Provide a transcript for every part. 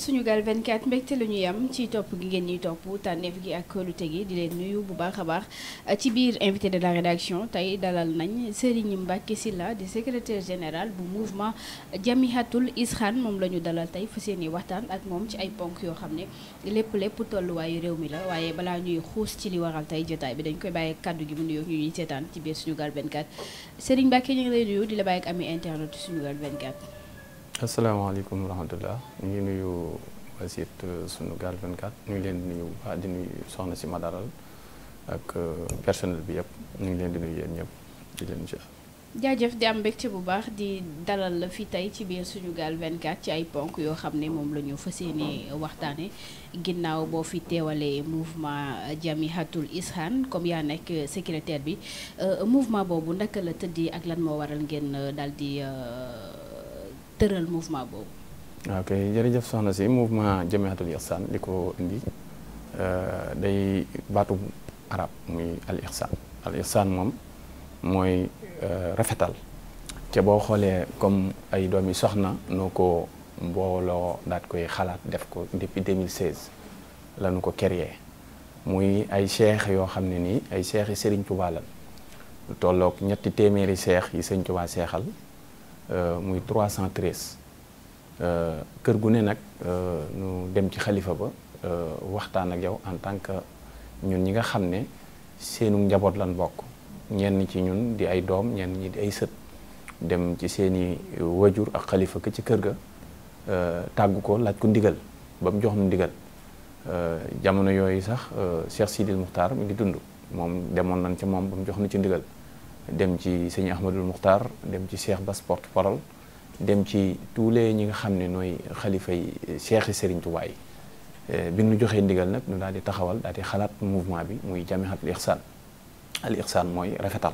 Sunugal 24 mbégte la ñuy am ci topp gi ngeen ñi topp tànneef gi ak kóolute gi di leen nuyu bu baax a baax ci biir invité de la rédaction tey dalal nañ Serigne Mbacké Sylla di secretaire général bu mouvement Jamihatul Iskan moom la ñu dalal tey fas yéene waxtaan ak moom ci ay ponk yoo xam ne lépp lépp tolluwaayu réew mi la waaye balaa ñuy xuus ci li waral tey jotaay bi dañ koy bàyyi kàddu gi mu nuyoo ñu ñuy seetaan ci biir Sunugal 24 Serigne Mbacké ñu di la bàyyi ak ami internet Sunugal 24. asalaamaaleykum wa rahmatulah ñu ngi nuyu waa sunu gaal 24 ñu ngi leen di nuyu waa di nuyu euh, ñu ngi leen di nuyu yéen ñëpp di leen ci jaajëf di am mbégte bu baax di dalal la fi tey ci biir suñu gaal 24 ci ay ponk yoo xam ne moom lañu fa fas yéene waxtaane ginnaaw boo fi teewalee mouvement Jamihatul Ishan comme yaa nekk secrétaire bi euh, mouvement boobu naka la tëddee ak lan moo waral ngeen euh, daal di. tëral mouvement boobu. ok jërëjëf soxna si mouvement Jamiatul Ihsan li ko indi euh, day baatu arab muy al ihsan al ihsan moom mooy euh, rafetal te boo xoolee comme ay doomi soxna noo ko mbooloo daat koy xalaat def ko depuis 2016 la ñu ko créé muy ay cheikh yoo xam ne nii ay cheikh yi Serigne Touba la ñetti téeméeri cheikh yi Serigne Touba seexal Euh, muy cent 313 euh, kër gu ne nag euh, ñu dem ci xalifa ba waxtaan ak yow en tant que ñun ñi nga xam ne seenu njaboot lan bokk ñenn ci ñun di ay doom ñenn ñi di ay sët dem ci seeni wajur ak xalifa ka ci kër ga tàggu ko laaj ko ndigal ba mu jox nu ndigal jamono yooyu sax Cheikh Sidil Muxtaar mi ngi dund moom demoon nañ ca moom ba mu jox nu ci ndigal dem ci sëñ Ahmadul Muxtaar dem ci Cheikh Bass porte parole dem ci tous les ñi nga xam ne nooy xalifa yi eh, Cheikh yi Serigne Touba yi eh, bi nu joxee ndigal nag ñu daal di taxawal daal di xalaat mouvement bi muy jamihatul ihsan al ihsan mooy rafetal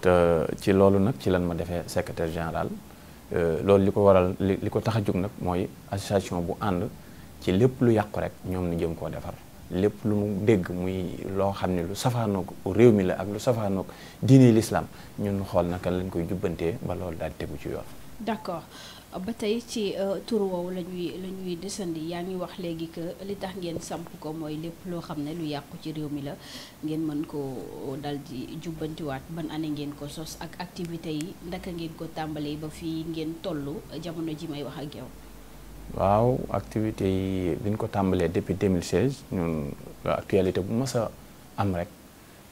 te ci loolu nag ci lan ma defee secrétaire général eh, loolu li ko waral li ko tax a jóg nag mooy association bu ànd ci lépp lu yàqu rek ñoom ñu jëm koo defar lépp lu mu dégg muy loo xam ne lu safaanoog réew mi la ak lu safaanoog diine l'islam ñun xool naka lañ koy jubbantee ba loolu daal tegu ci yoon d'accord ba tey ci euh, tur woowu la ñuy la ñuy desandi yaa ngi wax léegi que li tax ngeen samp ko mooy lépp loo xam ne lu yàqu ci réew mi la ngeen mën ko dal di jubbantiwaat ban année ngeen ko sos ak activité yi ndaka ngeen ko tàmbalee ba fii ngeen tollu jamono ji may wax ak yow waaw activité yi bi ñu ko tàmbalee depuis 2016 ñun actualité bu mës a am rek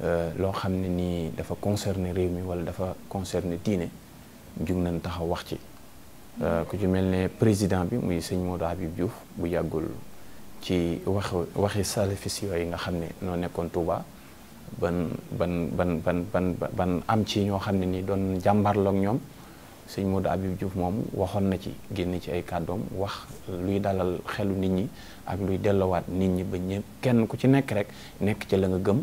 euh, loo xam ne nii dafa concerner réew mi wala dafa concerner diine jug nañ taxaw wax ci euh, ku ci mel ne président bi muy sëñ Modou Habib Diouf bu yàggul ci wax waxi salafis yooyu nga xam ne noo nekkoon Touba ban ban ban ban ban am ci ñoo xam ne nii doon jàmbarloog ñoom sëñ Modou Habib Diouf moom waxoon na ci génn ci ay kàddoom wax luy dalal xelu nit ñi ak luy dellowaat nit ñi ba ñëpp kenn ku ci nekk rek nekk ci la nga gëm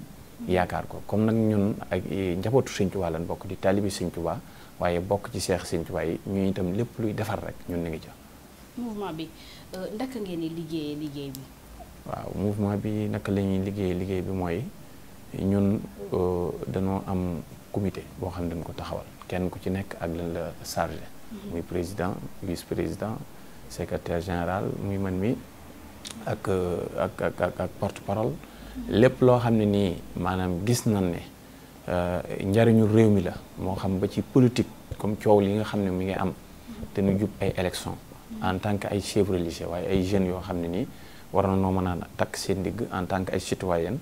yaakaar ko comme nag ñun ak eh, njabootu sëñ Tuubaa lan bokk di taalibi sëñ Tuubaa waaye bokk ci seex sëñ Tuubaa yi ñu itam lépp luy defar rek ñun ni ngi ca mouvement bi euh, ndaka ngeen di liggéeyee liggéey bi waaw mouvement bi naka la ñuy liggéeyee liggéey bi mooy ñun euh, dañoo am comité boo xam ne dañ ko taxawal kenn ku ci nekk ak lan la chargé mhm. muy président vice président secretaire général muy man mi ak ak ak ak porte parole mhm. lépp loo xam ne nii maanaam gis nañ ne euh, njariñu réew mi la moo xam ba ci politique comme coow li nga xam ne mi ngi am mhm. te nu jub ay élection en tant que ay chef religieux waaye ay jeunes yoo xam ne nii war na noo mën a takk seen digg en tant que ay citoyen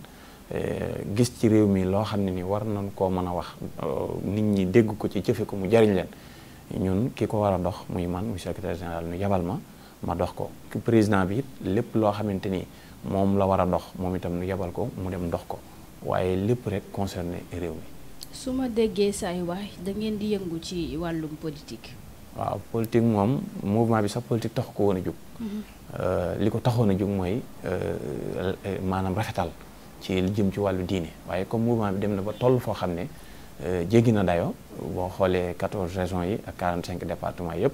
Eh, gis ci réew mi loo xam ne ni war nañ koo mën a wax euh, nit ñi dégg ko ci jëfe ko mu jariñ leen ñun ki ko war a dox muy man mu secrétaire général ñu yabal ma ma dox ko président bi it lépp loo xamante ni moom la war a dox moom itam ñu yabal ko mu dem dox ko waaye lépp rek concerné réew mi su ma déggee say wax da ngeen di yëngu ci wàllum politique waaw politique moom mouvement bi sax politique taxu ko woon a jóg mhm. euh, li ko taxoon a jóg mooy euh, maanaam rafetal ci li jëm ci wàllu diine waaye comme mouvement bi dem na ba toll foo xam ne euh, jéggi na dayo boo xoolee 14 régions yi ak 45 départements yëpp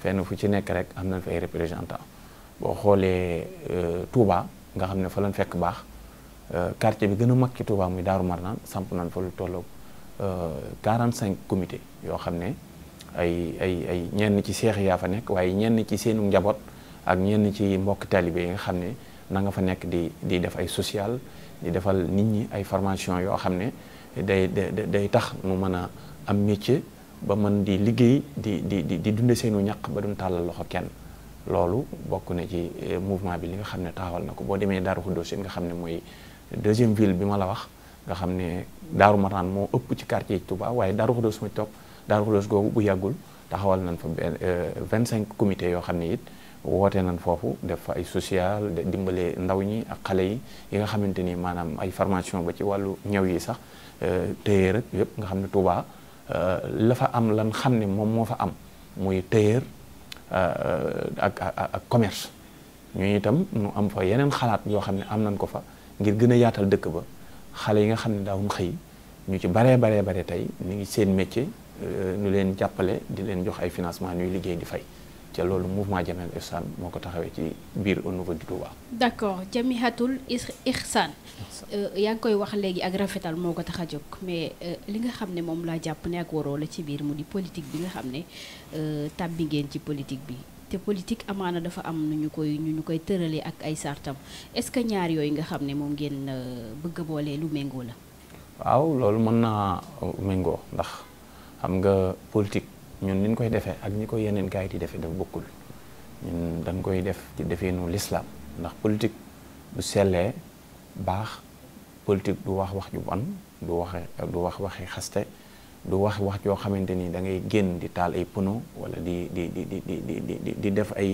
fenn fu ci nekk rek am nañ fa ay représentant boo xoolee euh, Touba nga xam ne fa lañ fekk baax euh, quartier bi gën a mag ci Touba muy Daaru Marnaan samp nañ fa lu tolloog cinq comités yoo xam ne ay ay ay ñenn ci seex yaa fa nekk waaye ñenn ci seenu njaboot ak ñenn ci mbokk talibé yi nga xam ne na nga fa nekk di di def ay social di defal nit ñi ay formation yoo xam ne day day tax nu mën a am métier ba mën di liggéey di di di di dunde seenu ñaq ba duñ tàllal loxo kenn loolu bokk na ci eh, mouvement bi li nga xam ne taxawal na ko boo demee Daaru Xuddoos nga xam ne mooy deuxième ville bi ma la wax nga xam ne Daaru Maraan moo ëpp ci quartier Touba waaye Daaru Xuddoos ma topp Daaru Xuddoos googu bu yàggul taxawal nañ fa benn eh, vingt cinq comité yoo xam ne it woote nan foofu def fa ay social dimbale ndaw ñi ak xale yi yi nga xamante ni maanaam ay formation ba ci wàllu ñëw yi sax euh, téyeer ak yëpp nga xam ne Touba euh, la fa am lan xam ne moom moo fa am muy téyeer euh, ak ak commerce ñun itam nu am fa yeneen xalaat yoo xam ne am nañ ko fa ngir gën a yaatal dëkk ba xale yi nga xam ne daawuñ xëy ñu ci baree baree bare tey ñu ngi seen métier ñu leen jàppale di leen jox ay financement ñuy liggéey di fay ca loolu mouvement Jamihatoul Ihsan moo ko taxawee ci biir au niveau du Touba. d' accord Jamihatoul Ihsan. Euh, yaa ngi koy wax léegi ak rafetal moo ko tax a jóg mais euh, li nga xam ne moom laa jàpp ne ak waroo la ci biir mu di politique bi nga xam ne euh, tàbbi ngeen ci politique bi. te politique amaana dafa am nu ñu koy nu ñu koy tëralee ak ay sartam est-ce que ñaar yooyu nga xam ne moom ngeen bëgg a boolee lu méngoo la. waaw loolu mën naa méngoo ndax xam nga politique. ñun niñ koy defee ak ñi ko yeneen gars yi di defee dafa bokkul ñun dañ koy def ci defeenu lislaam ndax politique bu sellee baax politique du wax wax ju bon du wax du wax xaste du wax wax joo xamante ni da ngay génn di taal ay pono wala di di di di di di di def ay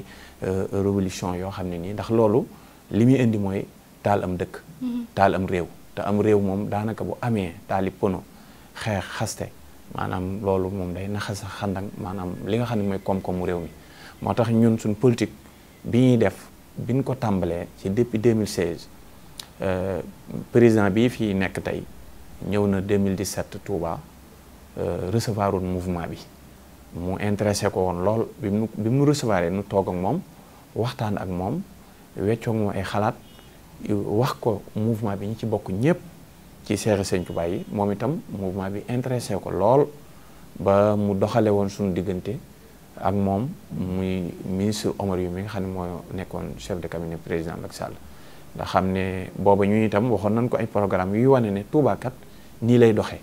euh, révolution yoo xam ne nii ndax loolu li muy indi mooy taal dëkk mm-hmm. taal réew te am réew moom daanaka bu amee taali pono xeex xaste maanaam loolu moom day naxas xandang maanaam li nga xam ne mooy koom-koomu réew mi moo tax ñun suñ politique bi ñuy def biñ ko tàmbalee ci depuis 2016 euh, président bii fii nekk tey ñëw na 2017 Touba euh, recevoir woon mouvement bi mu intéressé ko woon lool bi mu bi mu recevoir nu toog ak moom waxtaan ak moom weccoog moom ay xalaat wax ko mouvement bi ñu ci bokk ñëpp ci seexi sëñ Tuubaa moom itam mouvement bi intéressé ko lool ba mu doxale woon suñu diggante ak moom muy ministre Omar Youm mi nga xam ne mooy nekkoon chef de cabinet président Macky Sall nga xam ne booba ñu itam waxoon nañ ko ay programme yuy wane ne Touba kat nii lay doxee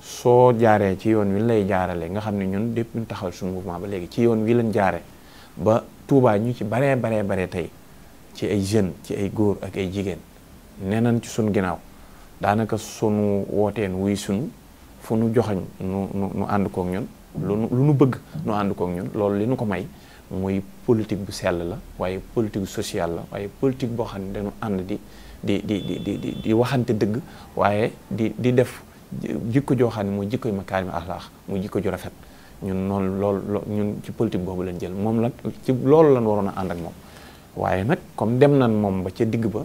soo jaaree ci yoon wi lay jaarale nga xam ne ñun depuis ñu taxawal suñu mouvement ba léegi ci yoon wi lañ jaare ba tuubaa ñu ci baree baree baree tey ci ay jeunes ci ay góor ak ay jigéen nee nañ ci suñu ginnaaw daanaka sunu wooteen wuy sunu fu nu joxañ nu nu ànd kook ñun lu nu lu nu bëgg nu ànd kook ñun loolu li nu ko may muy politique bu sell la waaye politique sociale la waaye politique boo xam ne dañu ànd di di di di di di waxante dëgg waaye di di def jikko joo xam ne mooy jikkoy makaarimi axlaax muy jikko ju rafet ñun noonu loolu ñun ci politique boobu lañ jël moom la ci loolu lañ waroon a ànd ak moom waaye nag comme dem nañ moom ba ca digg ba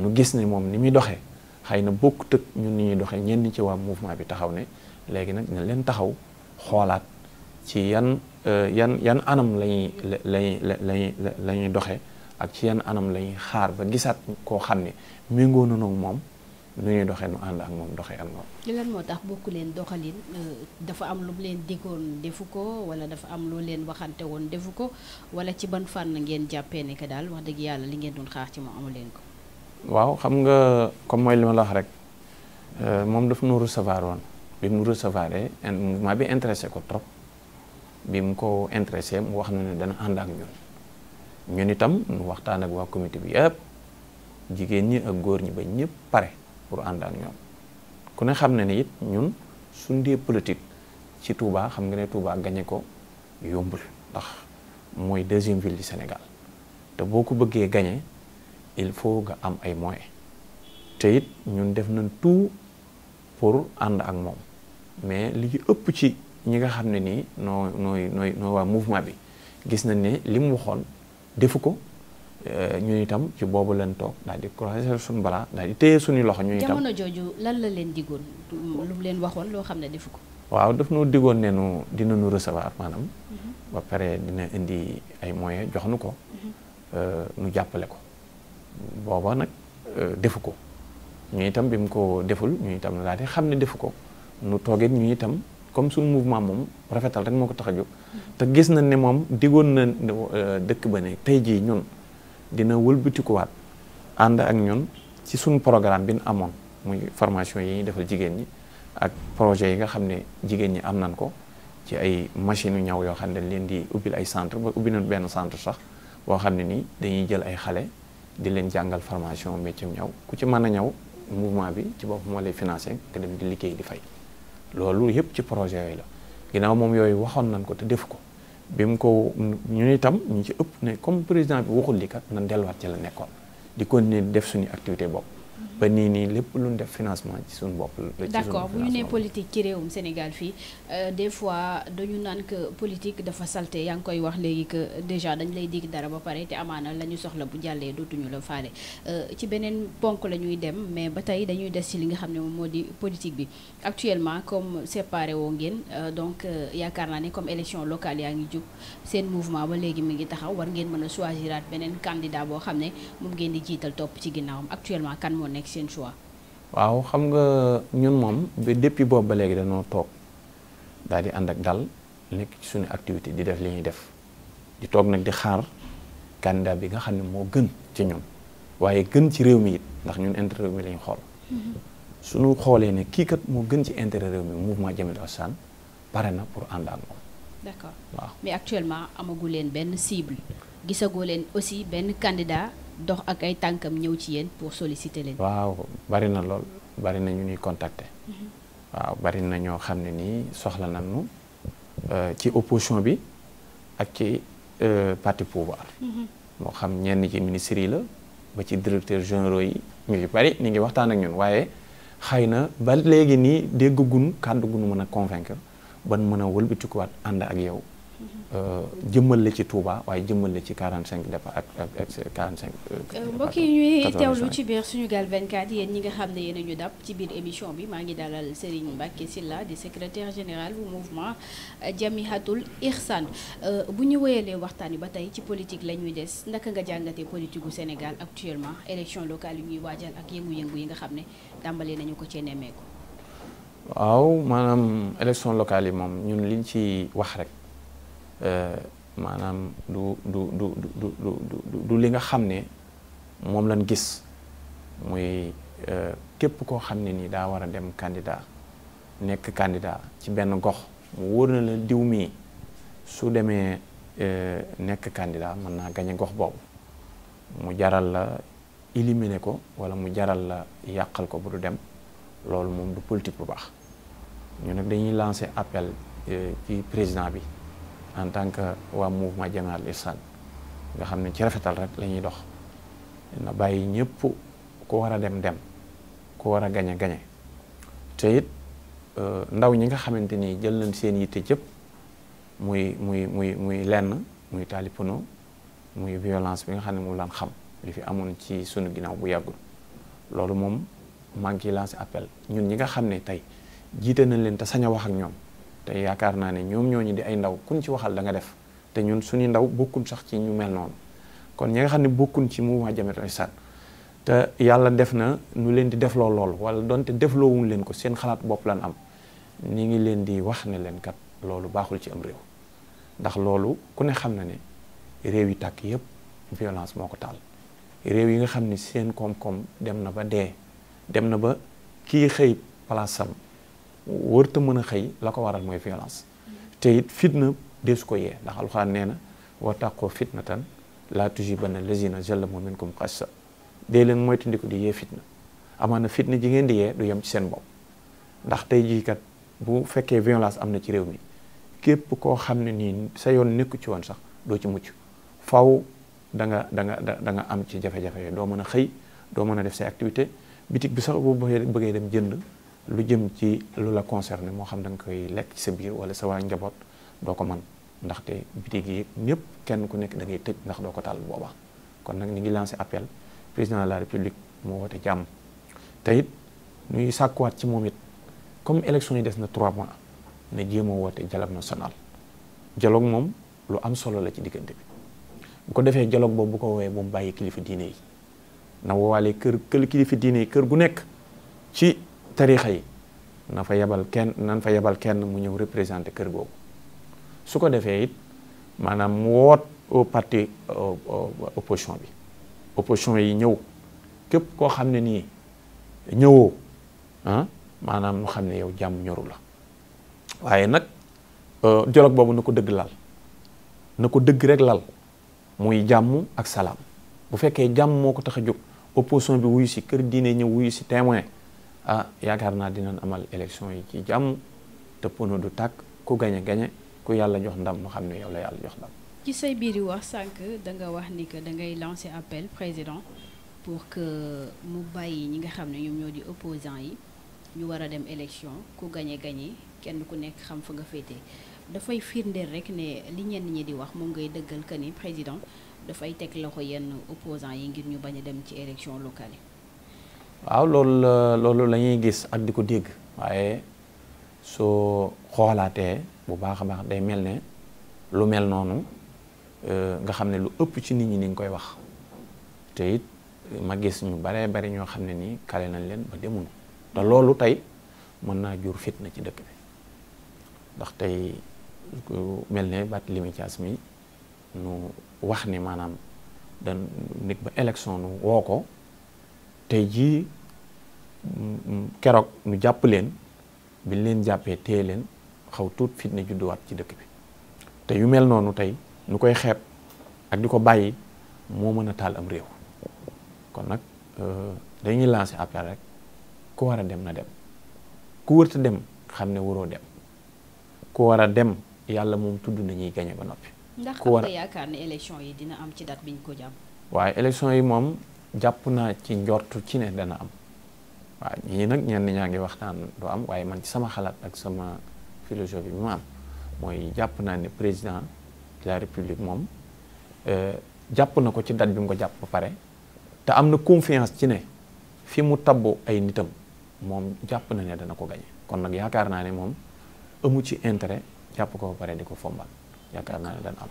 nu gis ne moom ni muy doxee xëy na bokk tëg ñun ni ñuy doxee ñenn ci waa mouvement bi taxaw ne léegi nag na leen taxaw xoolaat ci yan euh, yan yan anam lañuy lañuy lañuy la ñuy doxee ak ci yan anam lañuy xaar ba gisaat koo xam ne méngoo na noonu moom nu ñuy doxee nu ànd ak moom doxee ak moom. lan moo tax bokk leen doxalin euh, dafa am lu mu leen diggoon defu ko wala dafa am lu leen waxante woon defu ko wala ci ban fànn ngeen jàppee ne daal wax dëgg yàlla li ngeen doon xaar ci moom amu leen ko. waaw xam nga comme mooy li ma rek euh, moom daf nu recevoir woon bi mu recevoir mouvement bi intéressé ko trop bi mu ko intéressé mu wax na ne dana ànd ak ñun ñun itam nu waxtaan ak waa comité bi yëpp jigéen ñi ak góor ñi ba ñëpp pare pour ànd ak ñoom ku ne xam ne ne it ñun suñ dee politique ci Touba xam nga ne Touba gañe ko yombul ndax mooy deuxième ville du Sénégal te boo ko bëggee gañe il faut nga am ay moyens te it ñun def nañ tout pour ànd ak moom mais li ci ëpp ci ñi nga xam ne nii noo nooy nooy nooy mouvement bi gis nañ ne li mu waxoon defu ko euh, ñun itam ci boobu leen toog daal di croiser suñu balaa daal di téye suñuy loxo ñun itam jamono jooju lan la leen digoon lu mu leen waxoon loo xam ne defu ko. waaw daf noo diggoon ne nu dina nu recevoir maanaam. Mhm. ba pare dina indi ay moyens jox nu ko. Mhm. Euh, nu jàppale ko. booba nag euh, defu ko ñu itam bi mu ko deful ñu itam daal di xam ne defu ko nu toogee ñu itam comme suñ mouvement moom rafetal rek moo ko tax a jóg. te gis nañ ne moom digoon na euh, dëkk ba ne tey jii ñun dina wëlbatikuwaat ànd ak ñun ci suñu programme bi nu amoon muy formation yi ñuy defal jigéen ñi ak projet yi nga xam ne jigéen ñi am nañ ko. ci ay machine yu ñaw yoo xam ne dañ leen di ubbil ay centre ba ubbi nañ benn centre sax boo xam ne nii dañuy jël ay xale di leen jàngal formation métier ñaw ku ci mën a ñaw mouvement bi ci bopp moo lay financé nga dem di liggéey di fay loolu yëpp ci projet yooyu la ginnaaw moom yooyu waxoon nañ ko te def ko bi mu ko ñu itam ñu ci ëpp ne comme président bi waxul li kat nan delluwaat ci la nekkoon di continuer def suñu activité bopp ba nii nii lépp lu ñu def financement ci suñu bopp la. d' accord bu ñu nee politique ci réewum Sénégal fii euh, des fois dañu naan que politique dafa salte yaa ngi koy wax léegi que déjà dañ lay dig dara ba pare te amaana la ñu soxla bu jàllee dootuñu la faale euh, ci beneen ponk la ñuy dem mais ba tey dañuy des ci li nga xam ne moom moo di politique bi actuellement comme séparé woo ngeen euh, donc yaakaar naa ne comme élection locale yaa ngi jub seen mouvement ba léegi mi ngi taxaw war ngeen mën a choisiraat beneen candidat boo xam ne moom ngeen di jiital topp ci ginnaawam actuellement moo nekk seen choix. waaw xam nga ñun moom ba depuis boobu ba léegi dañoo toog daal di ànd ak dal nekk ci suñu activité di def lañuy def di toog nag di xaar candidat bi nga xam ne moo gën ci ñun waaye gën ci réew mi it ndax ñun intere réew mi la ñu xool. Mm-hmm. suñu xoolee ne kii kat moo gën ci intérêt réew mi mouvement Jamhilou Assane pare na pour ànd ak moom. d'accord actuellement amagu leen benn cible gisagoo leen aussi benn candidat. dox ak ay tànkam ñëw ci yéen pour solliciter leen. waaw bari na lool bari na ñu ñuy contacter. Mhm. waaw bari na ñoo xam ne nii soxla nañu euh, ci opposition bi ak ci euh, parti pouvoir. Mhm. moo xam ñenn ci ministres yi la ba ci directeur généraux yi ñu ci bari ñu ngi waxtaan ak ñun waaye xëy na ba léegi nii dégg gun kàddu gun mën a convaincre ban mën a wëlbatikuwaat ànd ak yow. jëmmal la ci Touba waaye jëmmal la ci 45 départ ak ak 45. Euh, euh, mbokk yi ñuy teewlu ci biir Sunugal 24 yéen ñi nga xam ne yéen a ñu dab ci biir émission bi maa ngi dalal Serigne Mbacké Sylla di secrétaire général bu mouvement Jamihatul Ihsan euh, bu ñu wéyalee waxtaan wi ba tey ci politique la ñuy des naka nga jàngatee politique gu Sénégal actuellement élection locale yi ñuy waajal ak yëngu-yëngu yi nga xam ne tàmbalee nañu ko cee nemmeeku. waaw maanaam locale yi moom ñun liñ ci wax rek. Euh, maanaam du du du du du du li nga xam ne moom lañ gis muy euh, képp koo xam ne nii daa war a dem candidat nekk candidat ci benn gox mu wóor na la diw mii su demee euh, nekk candidat mën naa gañe gox boobu mu jaral la éliminer ko walla mu jaral la yàqal ko bu du dem loolu moom du politique bu baax ñu nag dañuy lancer appel ci président bi en tant que waa mouvement Jamiat al Ihsan nga xam ne ci rafetal rek lañuy ñuy dox na bàyyi ñëpp ku war a dem dem ku war a gañe gañe te it euh, ndaw ñi nga xamante ni jël nañ seen yitte jëpp muy muy muy muy lenn muy taalipano muy violence bi nga xam ne moom laan xam li fi amoon ci sunu ginnaaw bu yàggul loolu moom maa ngi lancé appel ñun ñi nga xam ne tey jiite nañ leen te sañ a wax ak ñoom te yaakaar naa ne ñoom ñooñu di ay ndaw kun ci waxal danga def te ñun suñu ndaw bokkun sax ci ñu mel noonu kon ñi nga xam ne bokkun ci mu mouvement Jamhiyatul Ihsan te yàlla def na nu leen di defloo loolu wala donte defloowuñ leen ko seen xalaat bopp lan am ñi ngi leen di wax ne leen kat loolu baaxul ci am réew ndax loolu ku ne xam na ne réew yi tàkk yëpp violence moo ko taal réew yi nga xam ni seen koom-koom dem na ba dee dem na ba kii xëy palaasam wërta mën a xëy la ko waral mooy violence te it fitna deesu ko yee ndax alxuraan nee na wa taqoo fitnatan laa tusiibanna lazina zalamu minkum sa dee leen moytandiku di yee fitna amaana fitna ji ngeen di yee du yem ci seen bopp ndax tey jii kat bu fekkee violence am na ci réew mi képp koo xam ne nii sa yoon nekku ci woon sax doo ci mucc faw da nga da nga da nga am ci jafe-jafe yooyu doo mën a xëy doo mën a def say activité bitig bi sax boo bëggee dem jënd lu jëm ci lu la concerné moo xam da nga koy lekk ci sa biir wala sa waa njaboot doo ko man ndaxte bitig yi ñëpp kenn ku nekk da ngay tëj ndax doo ko taal booba kon nag ñu ngi lancé appel président de la république mu woote jàmm te it ñuy sàkkuwaat ci moom it comme élection yi des na trois mois na jéem a woote dialogue national dialogue moom lu am solo la ci diggante bi bu ko defee dialogue boobu bu ko woowee bu mu bàyyi kilifa diine yi na woowaale kër gu nekk tarixa yi na fa yebal kenn nan fa yebal kenn mu ñëw représenter kër googu su ko defee it maanaam mu woot au parti opposition bi opposition yi ñëw képp koo xam ne nii ñëwoo ah maanaam nu xam ne yow jàmm ñoru la waaye nag euh, dialogue boobu na ko dëgg lal na ko dëgg rek lal muy jàmm ak salaam bu fekkee jàmm moo ko tax a jóg opposition bi wuyu si kër diine ñëw wuyu si témoin ah yaakaar naa dinañ amal élection yi ci jàmm te pono du tàkk ku gañe gañe ku yàlla jox ndam mu xam ne yow la yàlla jox ndam. ci say biir wax sànq da nga wax ni que da ngay lancer appel président pour que mu bàyyi ñi nga xam ne ñoom ñoo di opposants yi ñu war a dem élection ku gañe gañe kenn ku nekk xam fa nga féete dafay firndeel rek ne li ñenn ñi di wax moom ngay dëggal que ni président dafay teg loxo yenn opposants yi ngir ñu bañ a dem ci élection locale waaw loolu la loolu la gis ak di ko dégg waaye soo xoolaatee bu baax a baax day mel ne lu mel noonu euh, nga xam ne lu ëpp ci nit ñi ni ñu koy wax te it ma gis ñu baree bari ñoo xam ne nii kale nañ leen ba demuñu te loolu tey mën naa jur fitna ci dëkk bi ndax tey mel ne Barthélémy Dias mi nu wax ni maanaam dan nit ba élection nu woo ko tey jii mm, mm, keroog ñu jàpp leen biñ leen jàppee téye leen xaw tuut fitna judduwaat ci dëkk bi te yu mel noonu tey ñu koy xeeb ak di ko bàyyi moo mën a taal am réew kon nag euh, dañuy lancer appel rek ku war a dem na dem ku wërta dem xam ne waroo dem ku war a dem yàlla moom tudd nañuy gañe ba noppi. ku war a ndax ne élection yi dina am ci date biñ ko jàpp. waaye élection yi moom. jàpp naa ci njort ci ne dana am waaw ñii nag ñenn ñaa ngi waxtaan du am waaye man ci sama xalaat ak sama philosophie bi ma am mooy jàpp naa ne président de la république moom euh, jàpp na ko ci date bi mu ko jàpp ba pare te am na confiance ci ne fi mu tabbu ay nitam moom jàpp na ne dana ko gañe kon nag yaakaar naa ne moom amu ci intérêt jàpp ko ba pare di ko fombal yaakaar naa ne dana am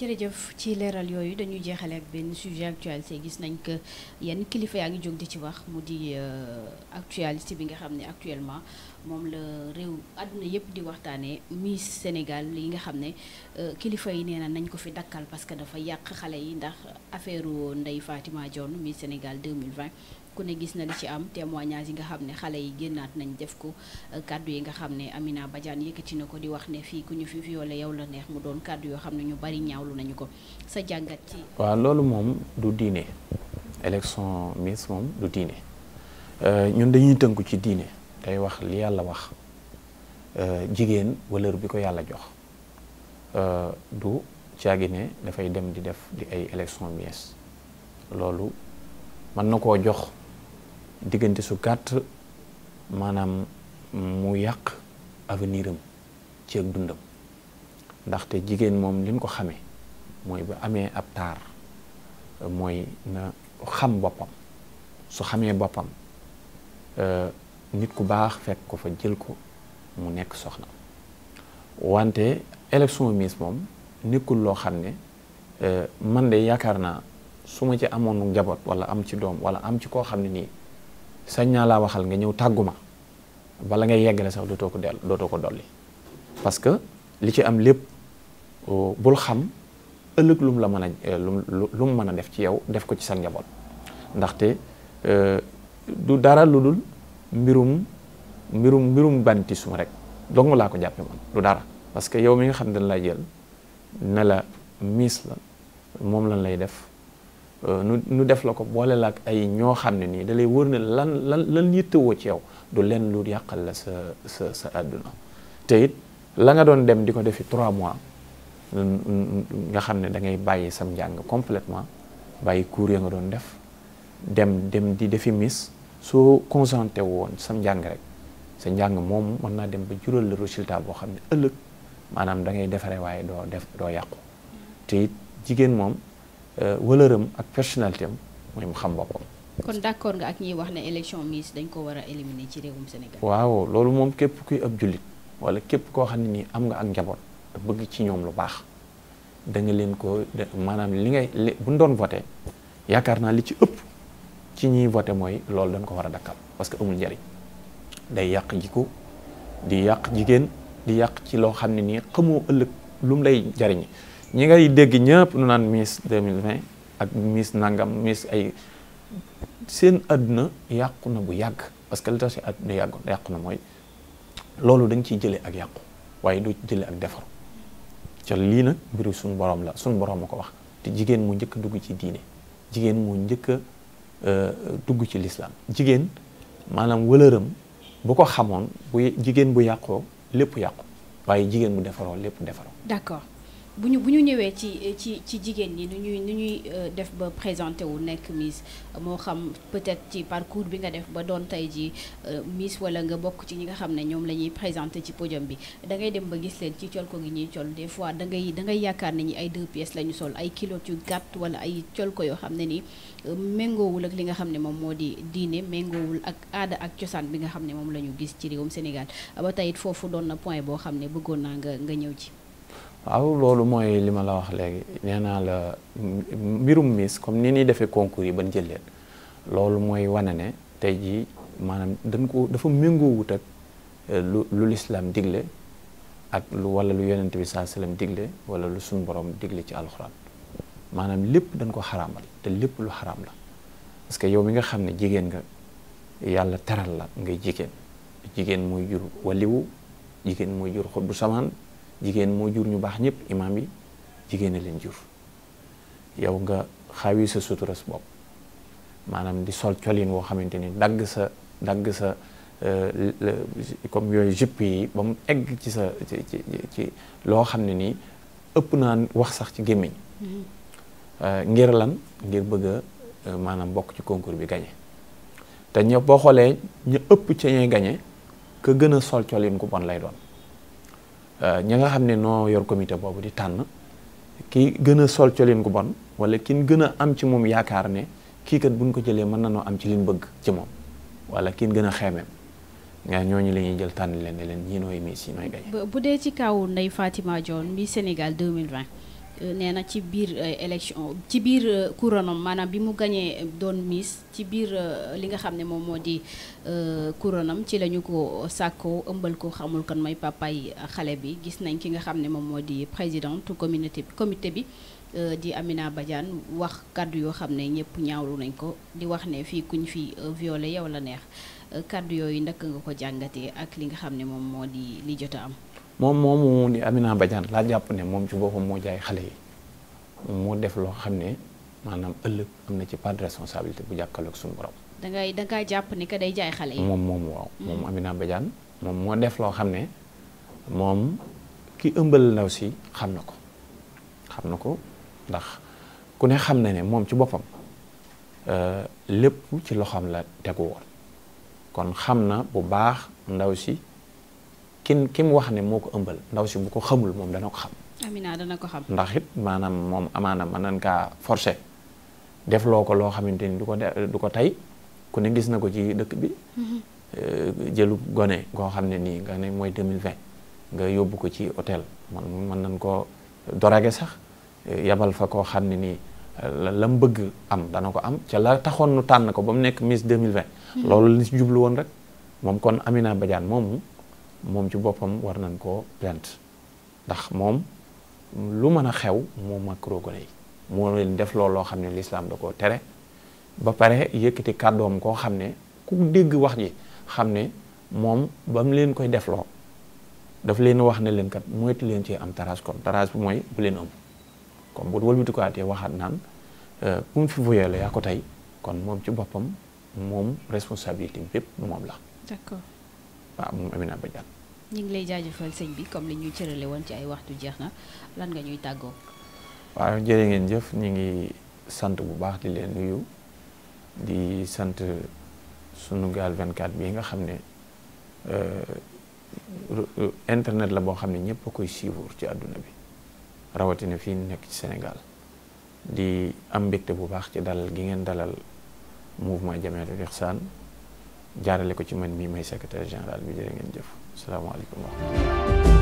jërëjëf ci leeral yooyu dañuy jeexale ak benn sujet actualité gis nañ ko yenn kilifa yaa ngi jóg di ci wax mu di euh, actualité bi nga xam ne actuellement. moom la réew àdduna yëpp di waxtaanee Miss Sénégal li nga xam ne euh, kilifa yi nee na nañ ko fi dakkal parce que dafa yàq xale yi ndax affaire Ndeye Fatima Dione Miss Sénégal 2020 ku ne gis na li ci am témoignage yi nga xam ne xale yi génnaat nañ def ko euh, kàddu yi nga xam ne Amina Badiane yëkkati na ko di wax ne fii ku ñu fi violé yow la neex mu doon kàddu yoo xam ne ñu bari ñaawlu nañu ko sa jàngat ci. waaw loolu moom du diine élection Miss moom du diine euh, ñun dañuy tënku ci diine. tey wax li yàlla wax euh, jigéen valeur bi ko yàlla jox euh, du caagi ne dafay dem di def di ay élection miès loolu mën na koo jox diggante su gàtt maanaam mu yàq avenir am ci ak dundam ndaxte jigéen moom liñ ko xamee mooy ba amee ab taar mooy na xam boppam su xamee boppam euh, nit ku baax fekk ko fa jël ko mu nekk soxna wante élection Miss moom nekkul loo xam ne euh, man de yaakaar naa su ma ci amoon njaboot wala am ci doom wala am ci koo xam ne nii sañ naa laa waxal nga ñëw tàgguma bala ngay yeggale sax dootoo ko del dootoo ko dolli parce que li ci am lépp euh, bul xam ëllëg lum la mën a euh, lu mu mën a def ci yow def ko ci sa njaboot ndaxte du dara lu dul mbirum mbirum mbirum bantisme rek dong laa ko jàppe man du dara parce que yow mi nga xam ne dañ laa jël ne la miis la moom lan lay def euh, nu nu def la ko boole la ak ay ñoo xam ne nii dalay lay wër ne lan lan lan yittewoo ci yow du leen lu yàqal la sa sa sa àdduna te it la nga doon dem di ko defi trois mois nga xam ne da ngay bàyyi sam njàng completement bàyyi cours ya nga doon def dem dem di defi miis soo concentré woon sam njàng rek sa njàng moom mën naa dem ba jural la résultat boo xam ne ëllëg maanaam dangay ngay defaree waaye doo def doo yàqu te it jigéen moom euh, wëlëram ak personnalité am mooy mu xam boppam. kon d'accord nga ak ñiy wax ne élection Miss dañ ko war a éliminer ci réewum Sénégal. waaw loolu moom képp kuy ab jullit wala képp koo xam ne nii am nga am njaboot te bëgg ci ñoom lu baax da nga leen ko maanaam li ngay li bu ñu doon voté yaakaar naa li ci ëpp. ci ñiy voté mooy loolu dañ ko war a dakkal parce que amul njariñ day yàq jikko di yàq jigéen di yàq ci loo xam ne nii xamoo ëllëg lu mu lay jariñ ñi ngay dégg ñëpp nu naan Miss 2020 ak Miss nangam miis ay seen àdduna yàqu na bu yàgg parce que li tax si àdduna yàggu yàqu na mooy loolu dañ ciy jëlee ak yàqu waaye doo ci jëlee ak defaru ca lii nag mbiru suñ borom la suñ borom ma ko wax te jigéen mu njëkk dugg ci diine jigéen moo njëkk a Euh, dugg ci lislaam jigéen maanaam wëlëram bu ko xamoon bu jigéen bu yàqoo lépp yàqu waaye jigéen bu defaroo lépp defaroo d'accord bu ñu bu ñu ñëwee ci ci ci jigéen ñi nu ñuy nu ñuy euh, def ba présenté wu nekk Miss moo xam peut-être ci parcours bi nga def ba doon tey ji euh, Miss wala nga bokk ci ñi nga xam ne ñoom la ñuy ci podium bi dangay dem ba gis leen ci colko gi ñuy col des fois dangay da ngay yaakaar ne ñi ay deux pièces la ñu sol ay kilotes yu gàtt wala ay col yoo xam ne ni euh, méngoowul ak li nga xam ne moom moo di diine méngoowul ak aada ak cosaan bi nga xam ne moom la ñu gis ci réewum Sénégal ba tey foofu doon na point boo xam ne bëggoon naa nga ñëw ci waaw loolu mooy li ma la wax léegi nee naa la mbirum Miss comme ni ñuy defee concours yi ban jël leen loolu mooy wane ne tey jii maanaam dañ ko dafa wut ak eh, lu lu lislaam digle ak lu wala lu yonent bi saa salaam digle wala lu suñ borom digle ci alxuraan maanaam lépp dañ ko xaraamal te lépp lu xaraam la parce que yow mi nga xam ne jigéen nga yàlla teral la ngay jigéen jigéen mooy jur waliwu jigéen mooy jur xut bu samaan jigéen moo jur ñu baax ñëpp imaam yi jigéen a leen jur yow nga xawi sa sutura sa bopp maanaam di sol colin woo xamante ni dagg sa dagg sa euh, comme yooyu jupp yi ba mu ci sa ci ci loo xam ne nii ëpp naa wax sax ci gémmiñ mm-hmm. euh, ngir lan ngir bëgg a euh, maanaam bokk ci concours bi gañe te ñëpp boo xoolee ñu ëpp ca ñuy gañe ka gën a sol colin ku bon lay doon Euh, ñi nga xam ne noo yor comité boobu di tànn ki gën a sol colin gu bon wala kin gën a am ci moom yaakaar ne kii kat buñ ko jëlee mën na noo am ci liñ bëgg ci moom wala kin gën a xeemeem nga ñooñu la ñuy jël tànn leen ne leen ñii nooy miis yi nooy gañe bu dee ci kaw Ndeye Fatima Dione Miss Euh, nee na ci biir euh, élection ci biir euh, couronam maanaam bi mu gañee doon miss ci biir li nga xam ne moom moo di couronam ci la ñu ko sàkkoo ëmbal ko xamul kon mooy pàppaay xale bi gis nañ ki nga xam ne moom moo di présidente communauté comité bi di Amina Badiane wax kàddu yoo xam ne ñëpp ñaawlu nañ ko di wax ne fii kuñ fi violé yow la neex kàddu yooyu ndakk nga ko jàngatee ak li nga xam ne moom moo di li jot a am moom moomu ni Amina Badiane laa jàpp ne moom ci boppam moo jaay xale yi moom moo def loo xam ne maanaam ëllëg am na ci part de responsabilité bu jàkkaarloog suñu borom. da da ngaa jàpp ni que day jaay xale yi. moom moom waaw mm. moom Amina Badiane moom moo def loo xam ne moom ki ëmbal ndaw si xam na ko xam na ko ndax ku ne xam na ne moom ci boppam euh, lépp ci loxoom la tegu woon kon xam na bu baax ndaw si. kin ki mu wax ne moo ko ëmbal ndaw si bu ko xamul moom dana ko xam. Amina dana ko xam. ndax it maanaam moom amaana man nan kaa forcer def loo ko loo xamante ni du ko du ko tey ku ne gis na ko ci dëkk bi. Mm-hmm. Euh, jëlu gone goo xam ne nii nga ne mooy mille 2020 nga yóbbu ko ci hôtel man mën nañ koo dorage sax euh, yabal fa koo xam ne nii la mu bëgg am dana ko am ca la taxoon nu tànn ko ba mu nekk mille vingt mm-hmm. loolu li si jublu woon rek moom kon Amina Badiane moomu. moom ci boppam war nañ koo plainte ndax moom lu mën a xew moom macro gone yi moo leen def loolu loo xam ne lislaam da koo tere ba pare yëkkati kàddoom koo xam ne ku dégg wax ji xam ne moom ba mu leen koy defloo daf leen wax ne leen kat moytu leen ci am taraas kon taraas bi mooy bu leen ëmb comme bu wëlbatikuwaatee waxaat naan euh, ku mu fi voyé yaa ko tey kon moom ci boppam moom responsabilité bépp moom la waaw moom Amina Badiane ñu ngi lay jaajëfal sëñ bi comme li ñuy cërale woon ci ay waxtu jeex na lan nga ñuy tàggoo. waaw jërë ngeen jëf ñu ngi sant bu baax di leen nuyu di sant sunu Sunugal 24 bii nga xam ne euh, internet la boo xam ne ñëpp a koy suivre ci àdduna bi rawatina fii nekk ci Sénégal di am mbégte bu baax ci dalal gi ngeen dalal mouvement Jamiyatul Ihsan jaarale ko ci man mii may secrétaire général bi jërë ngeen jëf asalaamaaleykum wa